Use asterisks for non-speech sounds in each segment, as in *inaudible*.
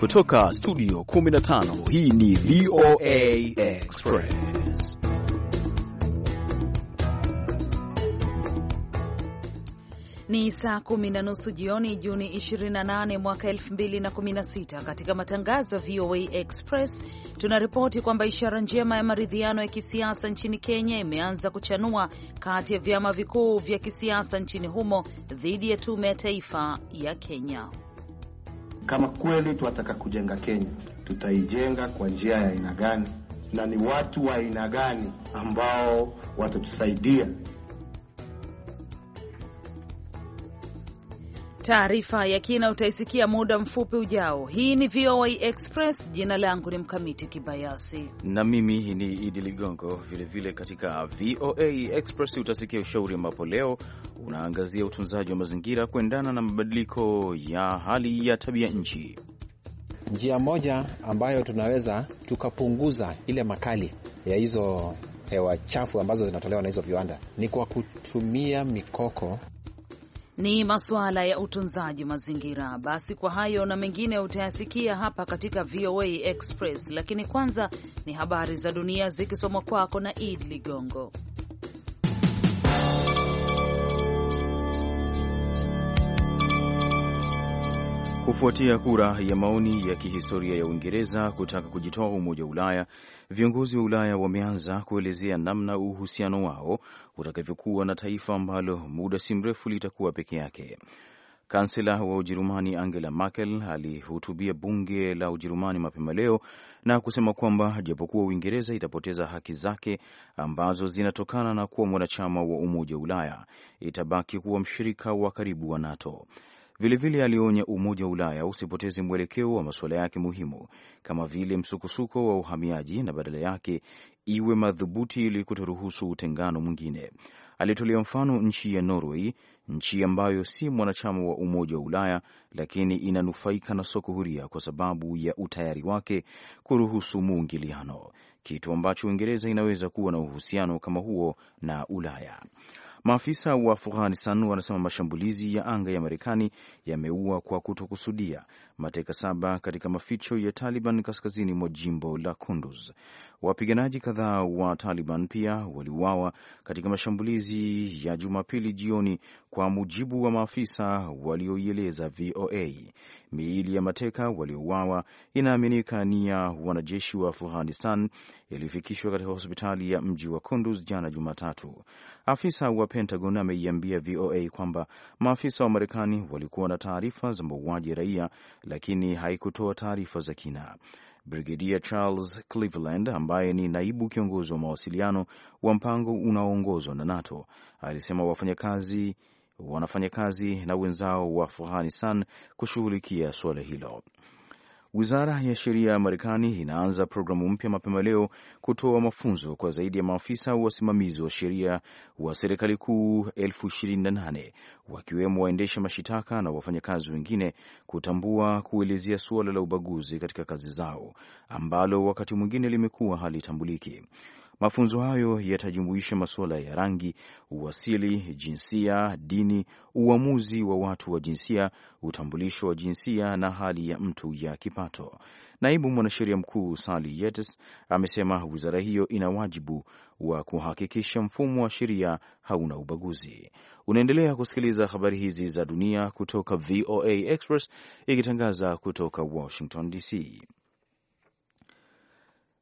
Kutoka studio 15 hii ni VOA Express. Ni saa kumi na nusu jioni, Juni 28 mwaka 2016. Katika matangazo ya VOA Express tunaripoti kwamba ishara njema ya maridhiano ya kisiasa nchini Kenya imeanza kuchanua kati ya vyama vikuu vya kisiasa nchini humo dhidi ya tume ya taifa ya Kenya. Kama kweli tunataka kujenga Kenya, tutaijenga kwa njia ya aina gani, na ni watu wa aina gani ambao watatusaidia Taarifa ya kina utaisikia muda mfupi ujao. Hii ni VOA Express. Jina langu ni Mkamiti Kibayasi na mimi ni Idi Ligongo. Vilevile katika VOA Express utasikia ushauri, ambapo leo unaangazia utunzaji wa mazingira kuendana na mabadiliko ya hali ya tabia nchi. Njia moja ambayo tunaweza tukapunguza ile makali ya hizo hewa chafu ambazo zinatolewa na hizo viwanda ni kwa kutumia mikoko ni masuala ya utunzaji mazingira. Basi kwa hayo na mengine utayasikia hapa katika VOA Express, lakini kwanza ni habari za dunia zikisomwa kwako na Id Ligongo. Kufuatia kura ya maoni ya kihistoria ya Uingereza kutaka kujitoa Umoja wa Ulaya, viongozi wa Ulaya wameanza kuelezea namna uhusiano wao kutakavyokuwa na taifa ambalo muda si mrefu litakuwa peke yake. Kansela wa Ujerumani Angela Merkel alihutubia bunge la Ujerumani mapema leo na kusema kwamba japokuwa Uingereza itapoteza haki zake ambazo zinatokana na kuwa mwanachama wa Umoja wa Ulaya, itabaki kuwa mshirika wa karibu wa NATO. Vilevile alionya Umoja wa Ulaya usipoteze mwelekeo wa masuala yake muhimu kama vile msukosuko wa uhamiaji na badala yake iwe madhubuti ili kutoruhusu utengano mwingine. Alitolea mfano nchi ya Norway, nchi ambayo si mwanachama wa Umoja wa Ulaya lakini inanufaika na soko huria kwa sababu ya utayari wake kuruhusu muingiliano, kitu ambacho Uingereza inaweza kuwa na uhusiano kama huo na Ulaya. Maafisa wa Afghanistan wanasema mashambulizi ya anga ya Marekani yameua kwa kutokusudia mateka saba katika maficho ya Taliban kaskazini mwa jimbo la Kunduz. Wapiganaji kadhaa wa Taliban pia waliuawa katika mashambulizi ya Jumapili jioni, kwa mujibu wa maafisa walioieleza VOA. Miili ya mateka waliouawa inaaminika ni ya wanajeshi wa Afghanistan yaliyofikishwa katika hospitali ya mji wa Kunduz jana Jumatatu. Afisa wa Pentagon ameiambia VOA kwamba maafisa wa Marekani walikuwa na taarifa za mauaji ya raia, lakini haikutoa taarifa za kina. Brigedia Charles Cleveland ambaye ni naibu kiongozi wa mawasiliano wa mpango unaoongozwa na NATO alisema wafanyakazi wanafanya kazi na wenzao wa Afghanistan kushughulikia suala hilo. Wizara ya Sheria ya Marekani inaanza programu mpya mapema leo kutoa mafunzo kwa zaidi ya maafisa wasimamizi wa sheria wa serikali kuu elfu ishirini na nane wakiwemo waendesha mashitaka na wafanyakazi wengine kutambua, kuelezea suala la ubaguzi katika kazi zao ambalo wakati mwingine limekuwa halitambuliki. Mafunzo hayo yatajumuisha masuala ya rangi, uasili, jinsia, dini, uamuzi wa watu wa jinsia, utambulisho wa jinsia na hali ya mtu ya kipato. Naibu mwanasheria mkuu Sali Yetes amesema wizara hiyo ina wajibu wa kuhakikisha mfumo wa sheria hauna ubaguzi. Unaendelea kusikiliza habari hizi za dunia kutoka VOA Express ikitangaza kutoka Washington DC.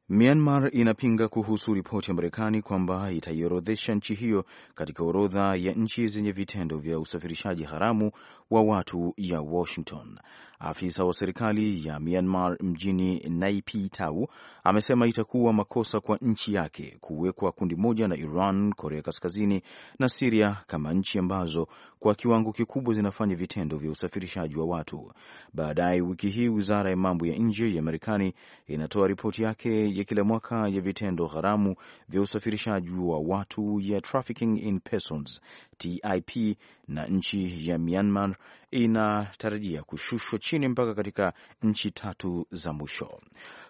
Myanmar inapinga kuhusu ripoti ya Marekani kwamba itaiorodhesha nchi hiyo katika orodha ya nchi zenye vitendo vya usafirishaji haramu wa watu ya Washington. Afisa wa serikali ya Myanmar mjini Naipitau amesema itakuwa makosa kwa nchi yake kuwekwa kundi moja na Iran, Korea Kaskazini na Siria kama nchi ambazo kwa kiwango kikubwa zinafanya vitendo vya usafirishaji wa watu. Baadaye wiki hii, wizara ya mambo ya nje ya Marekani inatoa ripoti yake ya kila mwaka ya vitendo haramu vya usafirishaji wa watu ya Trafficking in Persons TIP na nchi ya Myanmar inatarajia kushushwa chini mpaka katika nchi tatu za mwisho.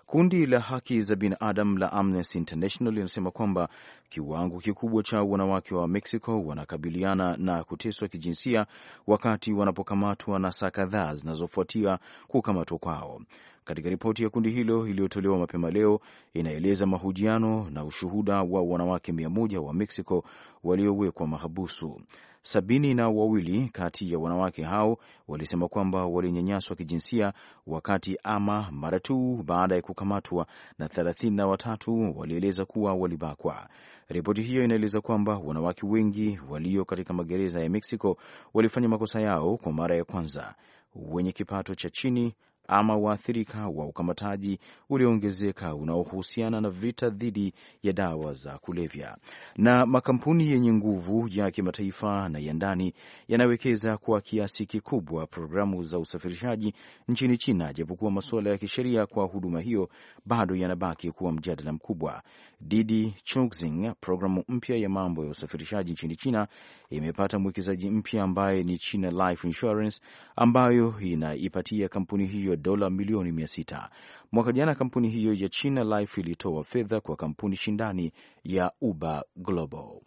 Kundi la haki za binadamu la Amnesty International linasema kwamba kiwango kikubwa cha wanawake wa Mexico wanakabiliana na kuteswa kijinsia wakati wanapokamatwa na saa kadhaa zinazofuatia kukamatwa kwao. Katika ripoti ya kundi hilo iliyotolewa mapema leo, inaeleza mahojiano na ushuhuda wa wanawake mia moja wa Mexico waliowekwa mahabusu. Sabini na wawili kati ya wanawake hao walisema kwamba walinyanyaswa kijinsia wakati ama mara tu baada ya kukamatwa, na thelathini na watatu walieleza kuwa walibakwa. Ripoti hiyo inaeleza kwamba wanawake wengi walio katika magereza ya Mexico walifanya makosa yao kwa mara ya kwanza. Wenye kipato cha chini ama waathirika wa ukamataji ulioongezeka unaohusiana na vita dhidi ya dawa za kulevya. Na makampuni yenye nguvu ya kimataifa na ya ndani yanawekeza kwa kiasi kikubwa programu za usafirishaji nchini China, japokuwa masuala ya kisheria kwa huduma hiyo bado yanabaki kuwa mjadala mkubwa. Didi Chuxing, programu mpya ya mambo ya usafirishaji nchini China, imepata mwekezaji mpya ambaye ni China Life Insurance ambayo inaipatia kampuni hiyo ya dola milioni mia sita. Mwaka jana kampuni hiyo ya China Life ilitoa fedha kwa kampuni shindani ya Uber Global.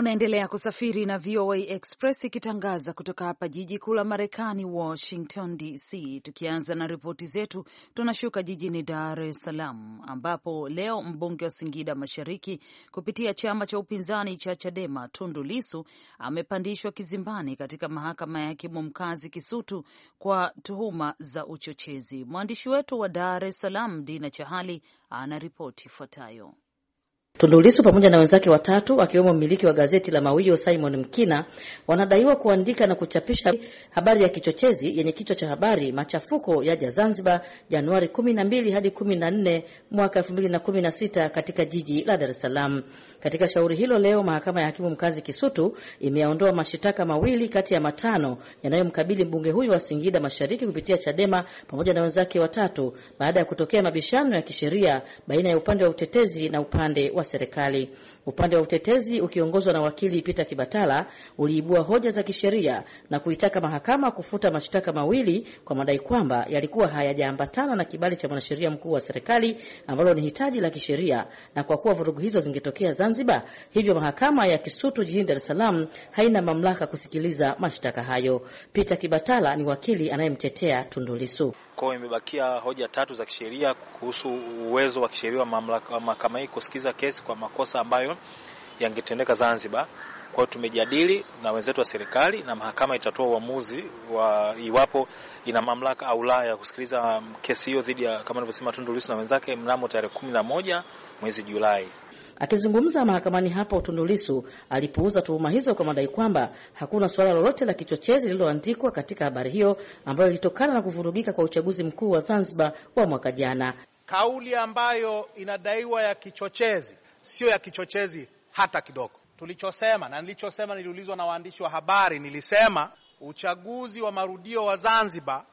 Unaendelea kusafiri na VOA Express ikitangaza kutoka hapa jiji kuu la Marekani, Washington DC. Tukianza na ripoti zetu, tunashuka jijini Dar es Salaam, ambapo leo mbunge wa Singida Mashariki kupitia chama cha upinzani cha Chadema, Tundu Lisu amepandishwa kizimbani katika mahakama ya hakimu mkazi Kisutu kwa tuhuma za uchochezi. Mwandishi wetu wa Dar es Salaam, Dina Chahali, ana ripoti ifuatayo tundulisu pamoja na wenzake watatu akiwemo mmiliki wa gazeti la Mawio Simon Mkina wanadaiwa kuandika na kuchapisha habari ya kichochezi yenye kichwa cha habari machafuko yaja Zanzibar Januari 12 hadi 14 mwaka 2016 katika jiji la Dar es Salaam. Katika shauri hilo leo mahakama ya hakimu mkazi Kisutu imeyaondoa mashitaka mawili kati ya matano yanayomkabili mbunge huyo wa Singida Mashariki kupitia Chadema pamoja na wenzake watatu baada ya kutokea mabishano ya kisheria baina ya upande wa utetezi na upande wa wa serikali Upande wa utetezi ukiongozwa na wakili Peter Kibatala uliibua hoja za kisheria na kuitaka mahakama kufuta mashtaka mawili kwa madai kwamba yalikuwa hayajaambatana na kibali cha mwanasheria mkuu wa serikali ambalo ni hitaji la kisheria, na kwa kuwa vurugu hizo zingetokea Zanzibar, hivyo mahakama ya Kisutu jijini Dar es Salaam haina mamlaka kusikiliza mashtaka hayo. Peter Kibatala ni wakili anayemtetea Tundu Lissu. Kwa imebakia hoja tatu za kisheria kuhusu uwezo wa kisheria wa mahakama hii kusikiza kesi kwa makosa ambayo yangetendeka Zanzibar. Kwa hiyo tumejadili na wenzetu wa serikali na mahakama itatoa uamuzi wa iwapo ina mamlaka au la ya kusikiliza um, kesi hiyo dhidi ya kama nilivyosema Tundu Lissu na wenzake mnamo tarehe kumi na moja mwezi Julai. Akizungumza mahakamani hapo, Tundu Lissu alipuuza tuhuma hizo kwa madai kwamba hakuna suala lolote la kichochezi lililoandikwa katika habari hiyo ambayo ilitokana na kuvurugika kwa uchaguzi mkuu wa Zanzibar wa mwaka jana. Kauli ambayo inadaiwa ya kichochezi sio ya kichochezi hata kidogo. Tulichosema na nilichosema, niliulizwa na waandishi wa habari, nilisema uchaguzi wa marudio wa Zanzibar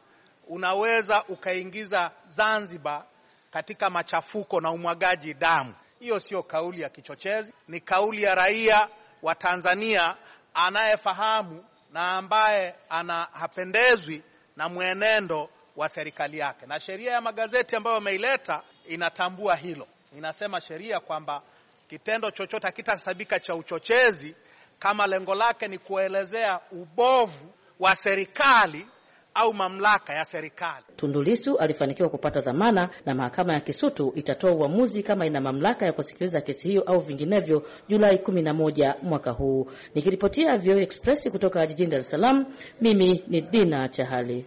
unaweza ukaingiza Zanzibar katika machafuko na umwagaji damu. Hiyo sio kauli ya kichochezi, ni kauli ya raia wa Tanzania anayefahamu na ambaye ana hapendezwi na mwenendo wa serikali yake, na sheria ya magazeti ambayo ameileta inatambua hilo. Inasema sheria kwamba Kitendo chochote hakitasabika cha uchochezi kama lengo lake ni kuelezea ubovu wa serikali au mamlaka ya serikali. tundulisu alifanikiwa kupata dhamana na mahakama ya Kisutu itatoa uamuzi kama ina mamlaka ya kusikiliza kesi hiyo au vinginevyo, Julai 11 mwaka huu. Nikiripotia VOA Express kutoka jijini Dar es Salaam, mimi ni Dina Chahali.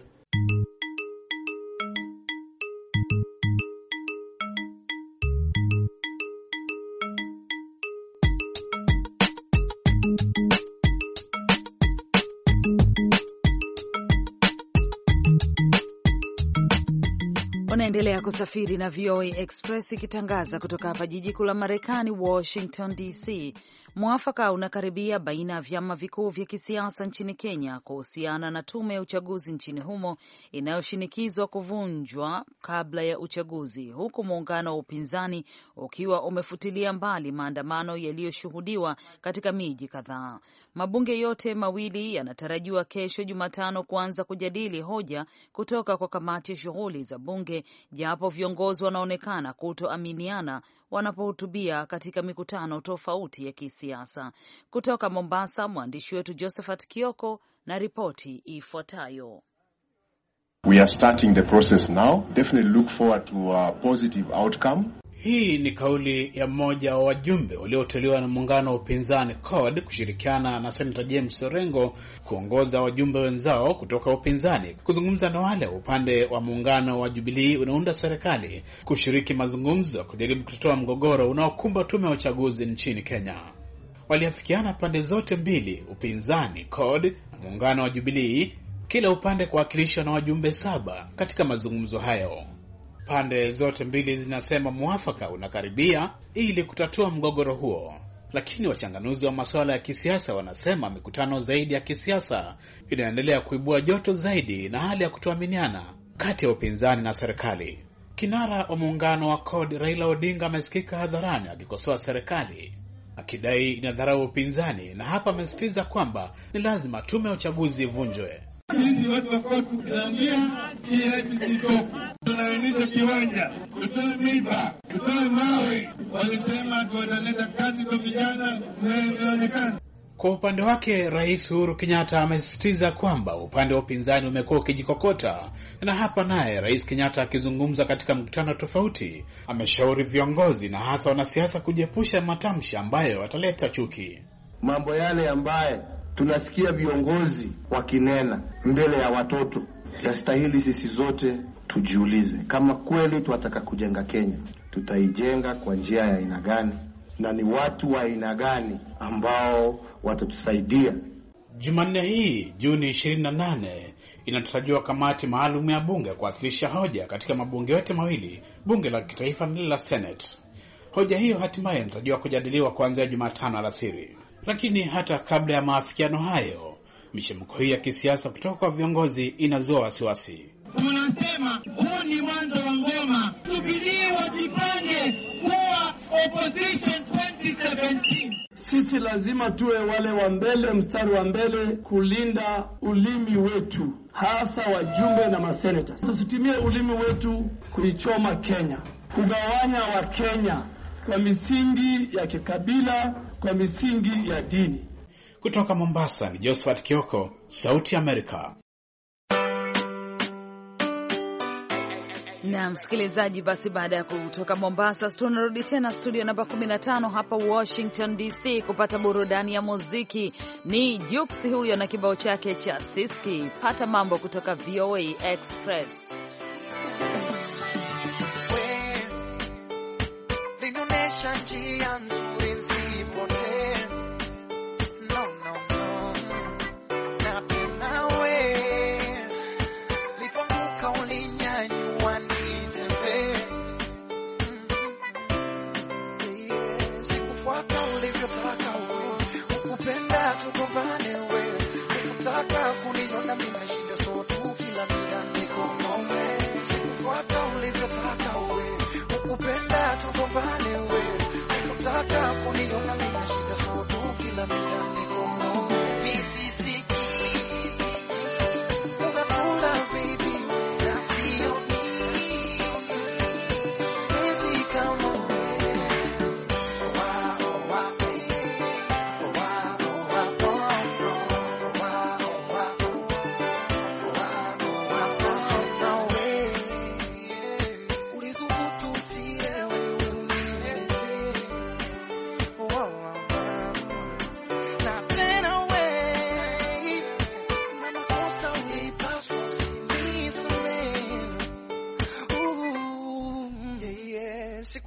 Unaendelea kusafiri na VOA Express ikitangaza kutoka hapa jiji kuu la Marekani, Washington DC. Mwafaka unakaribia baina ya vyama vikuu vya kisiasa nchini Kenya kuhusiana na tume ya uchaguzi nchini humo inayoshinikizwa kuvunjwa kabla ya uchaguzi, huku muungano wa upinzani ukiwa umefutilia mbali maandamano yaliyoshuhudiwa katika miji kadhaa. Mabunge yote mawili yanatarajiwa kesho Jumatano kuanza kujadili hoja kutoka kwa kamati ya shughuli za bunge, japo viongozi wanaonekana kutoaminiana wanapohutubia katika mikutano tofauti ya kisiasa siasa. Kutoka Mombasa, mwandishi wetu Josephat Kioko na ripoti ifuatayo. We are starting the process now. Definitely look forward to a positive outcome. Hii ni kauli ya mmoja wa wajumbe walioteuliwa na muungano wa upinzani CORD kushirikiana na Senator James Orengo kuongoza wajumbe wenzao kutoka upinzani kuzungumza na wale upande wa muungano wa Jubilii unaunda serikali kushiriki mazungumzo kujaribu kutotoa mgogoro unaokumba tume ya uchaguzi nchini Kenya waliafikiana pande zote mbili, upinzani CORD na muungano wa Jubilii, kila upande kuwakilishwa na wajumbe saba katika mazungumzo hayo. Pande zote mbili zinasema mwafaka unakaribia ili kutatua mgogoro huo, lakini wachanganuzi wa masuala ya kisiasa wanasema mikutano zaidi ya kisiasa inaendelea kuibua joto zaidi na hali ya kutoaminiana kati ya upinzani na serikali. Kinara wa muungano wa CORD Raila Odinga amesikika hadharani akikosoa serikali akidai inadharau upinzani, na hapa amesisitiza kwamba ni lazima tume ya uchaguzi ivunjwe. Sisi watu wakuwa tunaonyesha kiwanja, tutoe miba, tutoe mawe. Walisema tuwataleta kazi kwa vijana, kwa upande wake Rais Uhuru Kenyatta amesisitiza kwamba upande wa upinzani umekuwa ukijikokota na hapa naye Rais Kenyatta akizungumza katika mkutano tofauti, ameshauri viongozi na hasa wanasiasa kujiepusha matamshi ambayo wataleta chuki. Mambo yale ambaye tunasikia viongozi wakinena mbele ya watoto yastahili sisi zote tujiulize, kama kweli tunataka kujenga Kenya, tutaijenga kwa njia ya aina gani na ni watu wa aina gani ambao watatusaidia. Jumanne hii Juni 28 inatarajiwa kamati maalum ya bunge kuwasilisha hoja katika mabunge yote mawili, bunge la kitaifa na lile la Senate. Hoja hiyo hatimaye inatarajiwa kujadiliwa kuanzia Jumatano alasiri. Lakini hata kabla ya maafikiano hayo, mishemko hii ya kisiasa kutoka kwa viongozi inazua wasiwasi. Tunasema huu ni mwanzo wa ngoma, subirie wajipange kuwa opposition 2017. Sisi lazima tuwe wale wa mbele, mstari wa mbele kulinda ulimi wetu hasa wajumbe na maseneta. Tusitumie ulimi wetu kuichoma Kenya, kugawanya Wakenya kwa misingi ya kikabila, kwa misingi ya dini. Kutoka Mombasa ni Josephat Kioko, Sauti ya Amerika. na msikilizaji, basi baada ya kutoka Mombasa tunarudi tena studio namba 15 hapa Washington DC kupata burudani ya muziki. Ni Jux huyo na kibao chake cha Siski. Pata mambo kutoka VOA Express. We,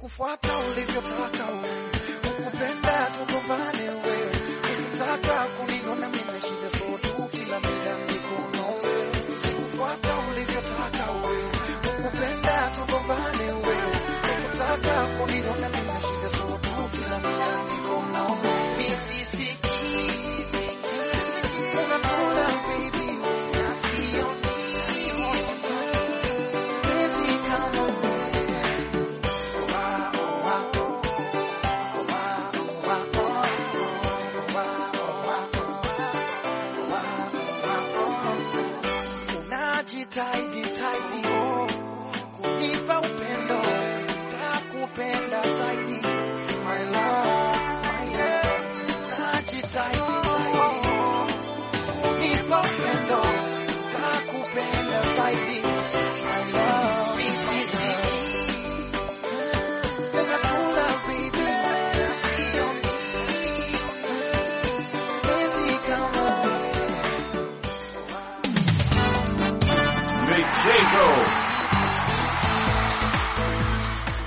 kufuata ulivyopaka wewe pena.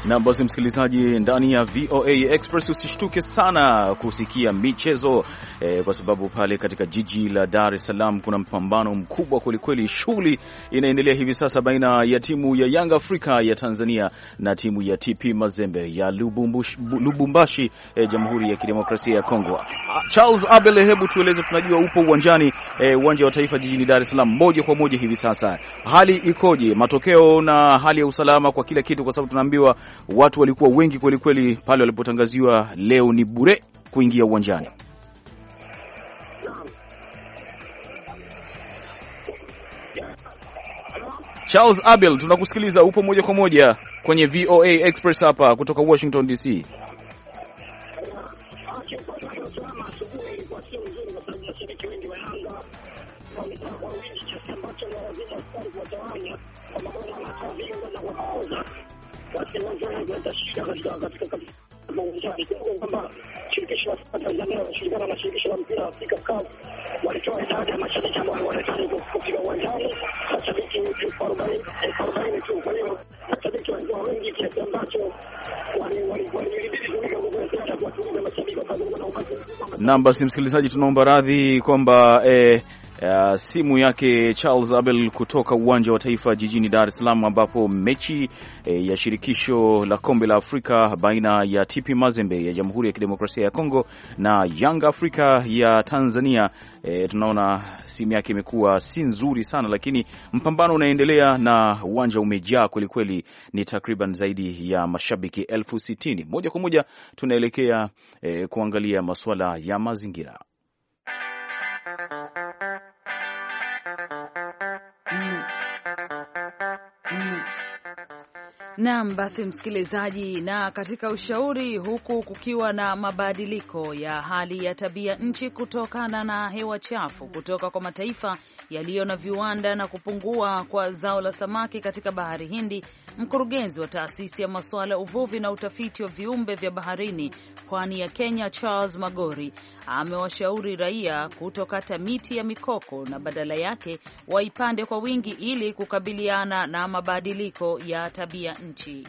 na basi, msikilizaji, ndani ya VOA Express usishtuke sana kusikia michezo e, kwa sababu pale katika jiji la Dar es Salaam kuna mpambano mkubwa kwelikweli. Shughuli inaendelea hivi sasa baina ya timu ya Yanga Afrika ya Tanzania na timu ya TP Mazembe ya Lubumbashi, e, Jamhuri ya Kidemokrasia ya Kongo. Ah, Charles Abel, hebu tueleze, tunajua upo uwanjani, e, uwanja wa taifa jijini Dar es Salaam moja kwa moja hivi sasa, hali ikoje? Matokeo na hali ya usalama kwa kila kitu, kwa sababu tunaambiwa watu walikuwa wengi kwelikweli pale walipotangaziwa leo ni bure kuingia uwanjani. Charles Abel, tunakusikiliza, upo moja kwa moja kwenye VOA Express hapa kutoka Washington DC mauzani kidogo kwamba shirikisho la Tanzania wanashirikiana na shirikisho la mpira wa Afrika CAF walitoa idadi ya mashabiki ambao wanahitaji kufika uwanjani, mashabiki elfu arobaini tu. Kwa hiyo mashabiki walikuwa wengi kiasi ambacho Naam, basi msikilizaji, tunaomba radhi kwamba eh, simu yake Charles Abel kutoka uwanja wa taifa jijini Dar es Salaam, ambapo mechi e, ya shirikisho la kombe la Afrika baina ya TP Mazembe ya Jamhuri ya Kidemokrasia ya Kongo na Yanga Afrika ya Tanzania E, tunaona simu yake imekuwa si nzuri sana, lakini mpambano unaendelea na uwanja umejaa kwelikweli, ni takriban zaidi ya mashabiki elfu sitini. Moja kwa moja tunaelekea e, kuangalia masuala ya mazingira Naam, basi msikilizaji, na katika ushauri, huku kukiwa na mabadiliko ya hali ya tabia nchi kutokana na hewa chafu kutoka kwa mataifa yaliyo na viwanda na kupungua kwa zao la samaki katika bahari Hindi, Mkurugenzi wa taasisi ya masuala ya uvuvi na utafiti wa viumbe vya baharini pwani ya Kenya, Charles Magori, amewashauri raia kutokata miti ya mikoko na badala yake waipande kwa wingi ili kukabiliana na mabadiliko ya tabia nchi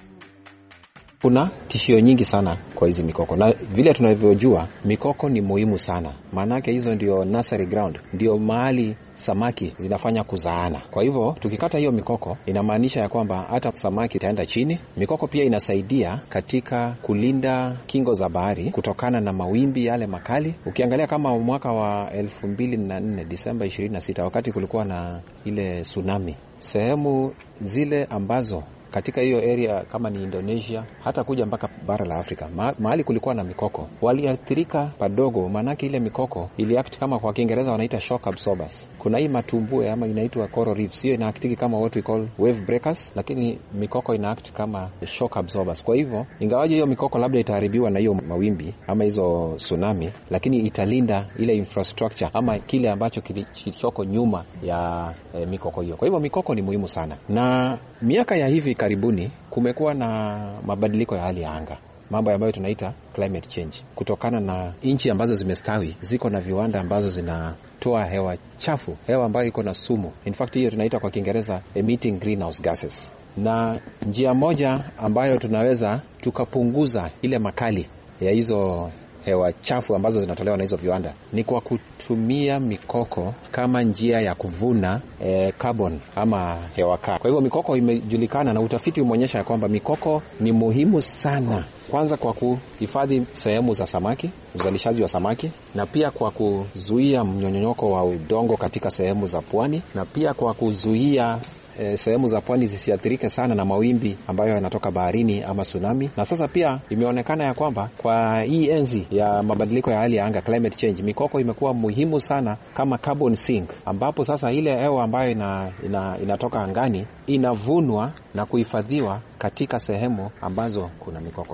kuna tishio nyingi sana kwa hizi mikoko, na vile tunavyojua mikoko ni muhimu sana, maanake hizo ndio nursery ground, ndio mahali samaki zinafanya kuzaana. Kwa hivyo tukikata hiyo mikoko, inamaanisha ya kwamba hata samaki itaenda chini. Mikoko pia inasaidia katika kulinda kingo za bahari kutokana na mawimbi yale makali. Ukiangalia kama mwaka wa 2004 Disemba 26, wakati kulikuwa na ile tsunami, sehemu zile ambazo katika hiyo area kama ni Indonesia, hata kuja mpaka bara la Afrika Ma, mahali kulikuwa na mikoko waliathirika padogo, maanake ile mikoko iliact kama kwa Kiingereza wanaita shock absorbers. Kuna hii matumbue ama inaitwa coral reefs, hiyo inaactiki kama what we call wave breakers, lakini mikoko inaact kama shock absorbers. Kwa hivyo ingawaje hiyo mikoko labda itaharibiwa na hiyo mawimbi ama hizo tsunami, lakini italinda ile infrastructure ama kile ambacho kilichoko nyuma ya eh, mikoko hiyo. Kwa hivyo mikoko ni muhimu sana, na miaka ya hivi karibuni kumekuwa na mabadiliko ya hali ya anga mambo ambayo tunaita climate change, kutokana na nchi ambazo zimestawi ziko na viwanda ambazo zinatoa hewa chafu, hewa ambayo iko na sumu. In fact hiyo tunaita kwa Kiingereza emitting greenhouse gases, na njia moja ambayo tunaweza tukapunguza ile makali ya hizo hewa chafu ambazo zinatolewa na hizo viwanda ni kwa kutumia mikoko kama njia ya kuvuna e, carbon ama hewa kaa. Kwa hivyo mikoko imejulikana na utafiti umeonyesha ya kwamba mikoko ni muhimu sana, kwanza kwa kuhifadhi sehemu za samaki, uzalishaji wa samaki, na pia kwa kuzuia mnyonyonyoko wa udongo katika sehemu za pwani, na pia kwa kuzuia e, sehemu za pwani zisiathirike sana na mawimbi ambayo yanatoka baharini ama tsunami. Na sasa pia imeonekana ya kwamba kwa hii enzi ya mabadiliko ya hali ya anga climate change, mikoko imekuwa muhimu sana kama carbon sink, ambapo sasa ile hewa ambayo ina, ina, inatoka angani inavunwa na kuhifadhiwa katika sehemu ambazo kuna mikoko.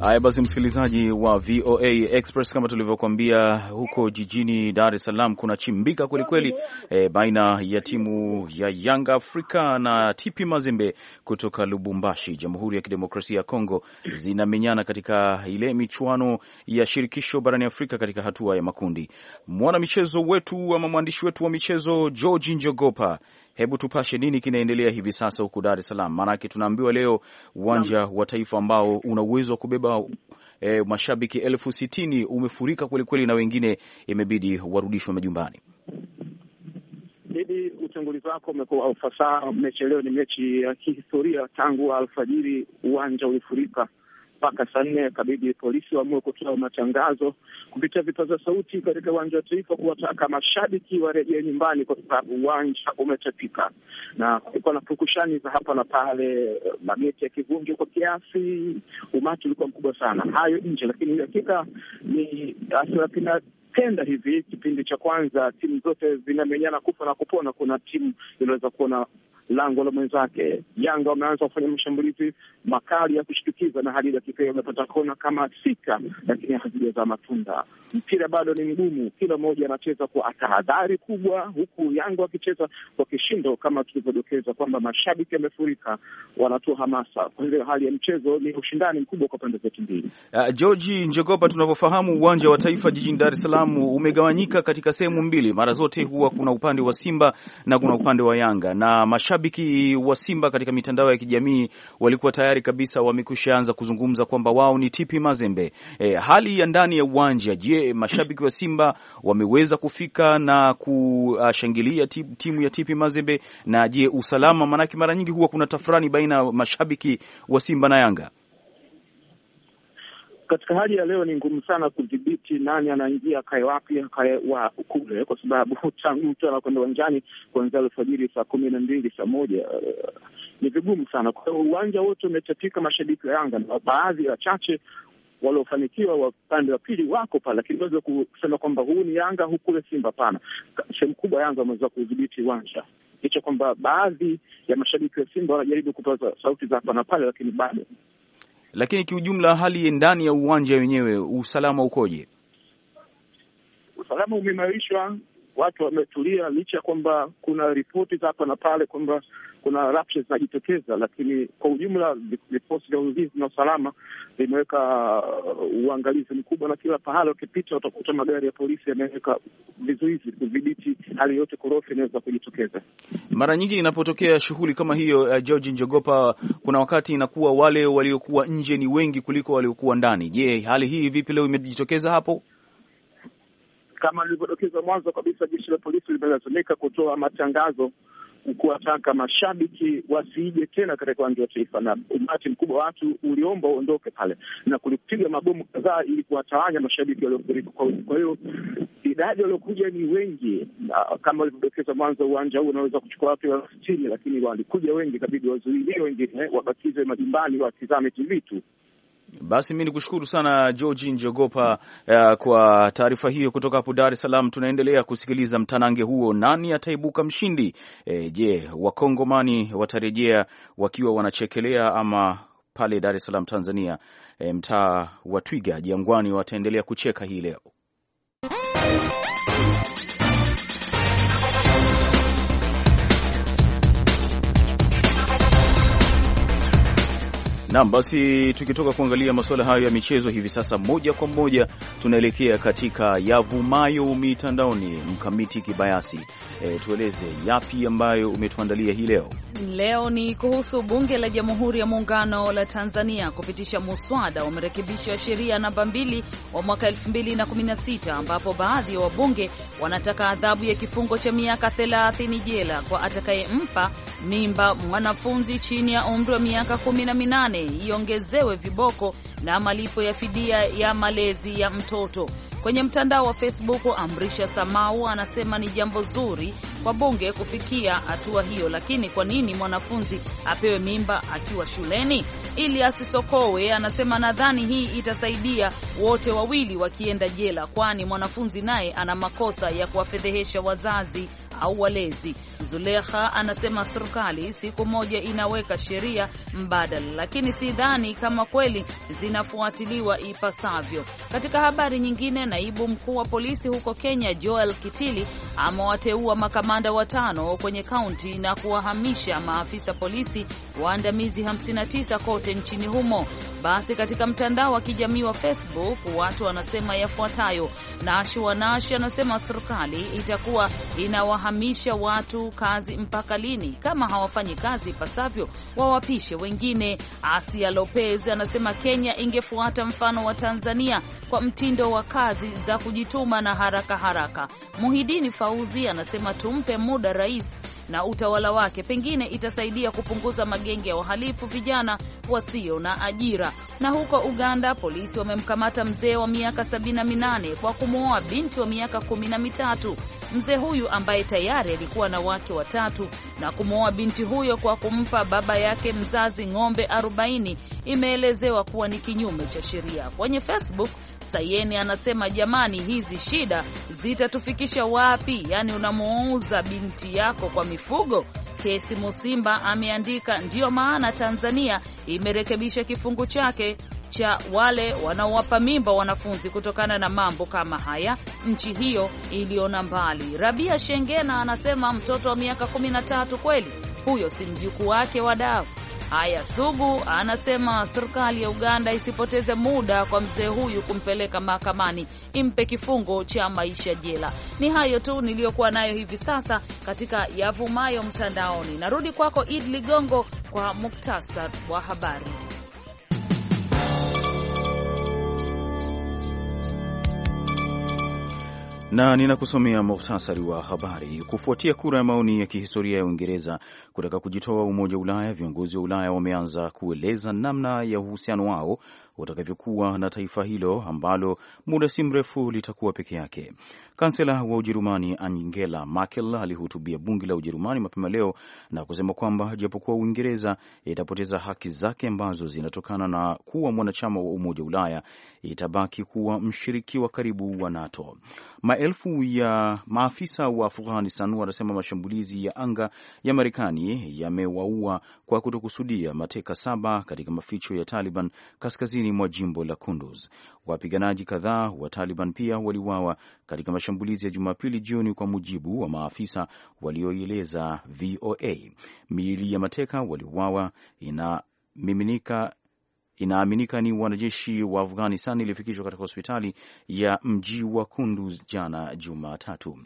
Haya basi, msikilizaji wa VOA Express, kama tulivyokuambia, huko jijini Dar es Salaam kuna chimbika kwelikweli e, baina ya timu ya Yanga Afrika na TP Mazembe kutoka Lubumbashi, Jamhuri ya Kidemokrasia ya Kongo, zinamenyana katika ile michuano ya shirikisho barani Afrika katika hatua ya makundi. Mwanamichezo wetu ama mwandishi wetu wa michezo George Njogopa hebu tupashe nini kinaendelea hivi sasa huko Dar es Salaam, maanake tunaambiwa leo uwanja wa Taifa ambao una uwezo wa kubeba e, mashabiki elfu sitini umefurika kwelikweli, na wengine imebidi warudishwe majumbani. Hili utangulizi wako umekuwa ufasaha. Mechi leo ni mechi ya kihistoria, tangu alfajiri uwanja ulifurika mpaka saa nne kabidi polisi waamue kutoa matangazo kupitia vipaza sauti katika uwanja wa Taifa kuwataka mashabiki warejee nyumbani kwa sababu uwanja umetapika, na kulikuwa na pukushani za hapa na pale, mageti yakivunjwa kwa kiasi, umati ulikuwa mkubwa sana. Hayo nje, lakini hakika ni asilimia tenda hivi kipindi cha kwanza timu zote zinamenyana kufa na kupona. Kuna timu inaweza kuona lango la mwenzake. Yanga wameanza kufanya mashambulizi makali ya kushtukiza na hadi dakika hiyo wamepata kona kama sita, lakini hazijazaa matunda. Mpira bado ni mgumu, kila mmoja anacheza kwa tahadhari kubwa, huku Yanga wakicheza kwa kishindo, kama tulivyodokeza kwamba mashabiki wamefurika, wanatua hamasa. Kwa hivyo hali ya mchezo ni ushindani mkubwa kwa pande zote mbili. Uh, George Njogopa, tunavyofahamu uwanja wa Taifa jijini Dar es Salaam umegawanyika katika sehemu mbili, mara zote huwa kuna upande wa Simba na kuna upande wa Yanga na mashabiki mashabiki wa Simba katika mitandao ya kijamii walikuwa tayari kabisa wamekushaanza kuzungumza kwamba wao ni TP Mazembe. E, hali ya ndani ya uwanja, je, mashabiki wa Simba wameweza kufika na kushangilia timu ya TP Mazembe? Na je, usalama, maanake mara nyingi huwa kuna tafrani baina ya mashabiki wa Simba na Yanga? katika hali ya leo ni ngumu sana kudhibiti nani anaingia akae wapi akae wa kule, kwa sababu tangu *laughs* mtu anakwenda uwanjani kuanzia alfajiri saa kumi na mbili saa moja uh, ni vigumu sana. Kwa hiyo uwanja wote umetapika mashabiki wa Yanga na baadhi ya wachache waliofanikiwa wa upande wa pili wako pale, lakini waweza kusema kwamba huu ni Yanga huu kule Simba, hapana. Sehemu kubwa Yanga wameweza kudhibiti uwanja licha kwamba baadhi ya mashabiki wa Simba wanajaribu kupaza sauti za hapa na pale, lakini bado lakini kiujumla, hali ndani ya uwanja wenyewe, usalama ukoje? Usalama umeimarishwa watu wametulia, licha ya kwamba kuna ripoti za hapa na pale kwamba kuna rapsha zinajitokeza, lakini kwa ujumla vikosi vya ulinzi na usalama vimeweka uh, uangalizi mkubwa, na kila pahala wakipita utakuta magari ya polisi yameweka vizuizi kudhibiti hali yote korofi inaweza kujitokeza. Mara nyingi inapotokea shughuli kama hiyo, uh, George Njogopa, kuna wakati inakuwa wale waliokuwa nje ni wengi kuliko waliokuwa ndani. Je, hali hii vipi leo imejitokeza hapo? Kama lilivyodokezwa mwanzo kabisa, jeshi la polisi limelazimika kutoa matangazo kuwataka mashabiki wasiije tena katika uwanja wa Taifa, na umati mkubwa wa watu uliomba uondoke pale na kulipiga mabomu kadhaa ili kuwatawanya mashabiki waliofurika. Kwa hiyo idadi waliokuja ni wengi, na kama walivyodokeza mwanzo, uwanja huu unaweza kuchukua watu elfu sitini, lakini walikuja wengi, kabidi wazuilie wengine, wabakize majumbani watizame TV tu. Basi mi ni kushukuru sana Georgi Njogopa uh, kwa taarifa hiyo kutoka hapo Dar es Salaam. Tunaendelea kusikiliza mtanange huo, nani ataibuka mshindi? E, je, wakongomani watarejea wakiwa wanachekelea ama pale Dar es Salaam Tanzania, e, mtaa wa Twiga Jangwani wataendelea kucheka hii leo? Naam, basi tukitoka kuangalia masuala hayo ya michezo, hivi sasa moja kwa moja tunaelekea katika yavumayo mitandaoni. Mkamiti Kibayasi, e, tueleze yapi ambayo umetuandalia hii leo? Leo ni kuhusu bunge la Jamhuri ya Muungano la Tanzania kupitisha muswada wa marekebisho ya sheria namba mbili wa mwaka 2016 ambapo baadhi ya wabunge wanataka adhabu ya kifungo cha miaka 30 jela kwa atakayempa mimba mwanafunzi chini ya umri wa miaka 18 nane iongezewe viboko na malipo ya fidia ya malezi ya mtoto. Kwenye mtandao wa Facebook, Amrisha Samau anasema ni jambo zuri kwa bunge kufikia hatua hiyo, lakini kwa nini mwanafunzi apewe mimba akiwa shuleni? ili asisokowe anasema nadhani hii itasaidia wote wawili wakienda jela, kwani mwanafunzi naye ana makosa ya kuwafedhehesha wazazi au walezi. Zulekha anasema serikali siku moja inaweka sheria mbadala, lakini si dhani kama kweli zinafuatiliwa ipasavyo. Katika habari nyingine, naibu mkuu wa polisi huko Kenya Joel Kitili amewateua makamanda watano kwenye kaunti na kuwahamisha maafisa polisi waandamizi 59 kote nchini humo. Basi katika mtandao wa kijamii wa Facebook watu wanasema yafuatayo. Nashua Nash anasema serikali itakuwa inawaha kuwahamisha watu kazi mpaka lini? Kama hawafanyi kazi ipasavyo, wawapishe wengine. Asia Lopez anasema Kenya ingefuata mfano wa Tanzania kwa mtindo wa kazi za kujituma na haraka haraka. Muhidini Fauzi anasema tumpe muda rais na utawala wake pengine itasaidia kupunguza magenge ya wahalifu vijana wasio na ajira. Na huko Uganda, polisi wamemkamata mzee wa miaka 78 kwa kumwoa binti wa miaka kumi na mitatu. Mzee huyu ambaye tayari alikuwa na wake watatu na kumwoa binti huyo kwa kumpa baba yake mzazi ng'ombe 40 imeelezewa kuwa ni kinyume cha sheria. Kwenye Facebook Sayeni anasema jamani, hizi shida zitatufikisha wapi? Yaani unamuuza binti yako kwa mifugo. Kesi Musimba ameandika ndiyo maana Tanzania imerekebisha kifungu chake cha wale wanaowapa mimba wanafunzi kutokana na mambo kama haya, nchi hiyo iliona mbali. Rabia Shengena anasema mtoto wa miaka 13 kweli huyo si mjukuu wake, wadau Aya Sugu anasema serikali ya Uganda isipoteze muda kwa mzee huyu kumpeleka mahakamani, impe kifungo cha maisha jela. Ni hayo tu niliyokuwa nayo hivi sasa katika yavumayo mtandaoni. Narudi kwako Id Ligongo kwa muktasar wa habari. na ninakusomea muhtasari wa habari. Kufuatia kura ya maoni ya kihistoria ya Uingereza kutaka kujitoa umoja wa Ulaya, viongozi wa Ulaya wameanza kueleza namna ya uhusiano wao utakavyokuwa na taifa hilo ambalo muda si mrefu litakuwa peke yake. Kansela wa Ujerumani Angela Merkel alihutubia bunge la Ujerumani mapema leo na kusema kwamba japokuwa Uingereza itapoteza haki zake ambazo zinatokana na kuwa mwanachama wa Umoja wa Ulaya, itabaki kuwa mshiriki wa karibu wa NATO. Maelfu ya maafisa wa Afghanistan wanasema mashambulizi ya anga ya Marekani yamewaua kwa kutokusudia mateka saba katika maficho ya Taliban kaskazini mwa jimbo la Kunduz. Wapiganaji kadhaa wa Taliban pia waliuawa katika mashambulizi ya Jumapili jioni, kwa mujibu wa maafisa walioieleza VOA. Miili ya mateka waliuawa inamiminika inaaminika ni wanajeshi wa Afghanistan ilifikishwa katika hospitali ya mji wa Kunduz jana Jumatatu.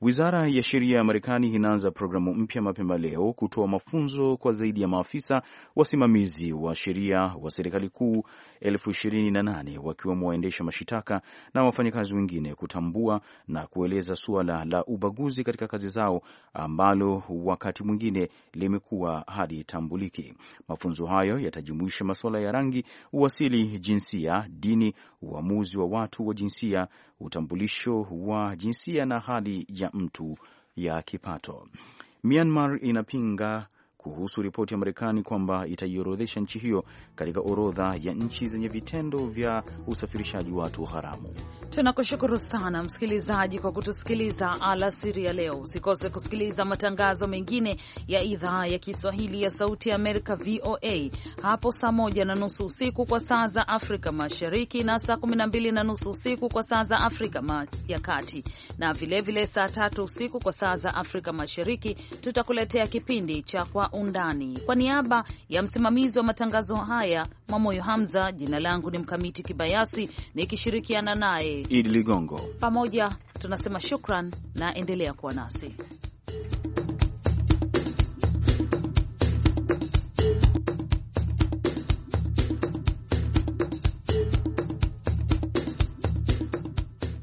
Wizara ya sheria ya Marekani inaanza programu mpya mapema leo kutoa mafunzo kwa zaidi ya maafisa wasimamizi wa sheria wa serikali kuu elfu ishirini na nane wakiwemo waendesha mashitaka na wafanyakazi wengine kutambua na kueleza suala la ubaguzi katika kazi zao ambalo wakati mwingine limekuwa hadi tambuliki. Mafunzo hayo yatajumuisha masuala ya rangi, uasili, jinsia, dini, uamuzi wa watu wa jinsia utambulisho wa jinsia na hali ya mtu ya kipato. Myanmar inapinga kuhusu ripoti ya Marekani kwamba itaiorodhesha nchi hiyo katika orodha ya nchi zenye vitendo vya usafirishaji watu haramu. Tunakushukuru sana msikilizaji kwa kutusikiliza alasiri ya leo. Usikose kusikiliza matangazo mengine ya idhaa ya Kiswahili ya Sauti ya Amerika, VOA, hapo saa moja na nusu usiku kwa saa za Afrika Mashariki na saa kumi na mbili na nusu usiku kwa saa za Afrika ya Kati, na vilevile saa tatu usiku kwa saa za Afrika Mashariki tutakuletea kipindi cha Kwa undani. Kwa niaba ya msimamizi wa matangazo haya Mwamoyo Hamza, jina langu ni Mkamiti Kibayasi nikishirikiana naye Idi Ligongo, pamoja tunasema shukran na endelea kuwa nasi.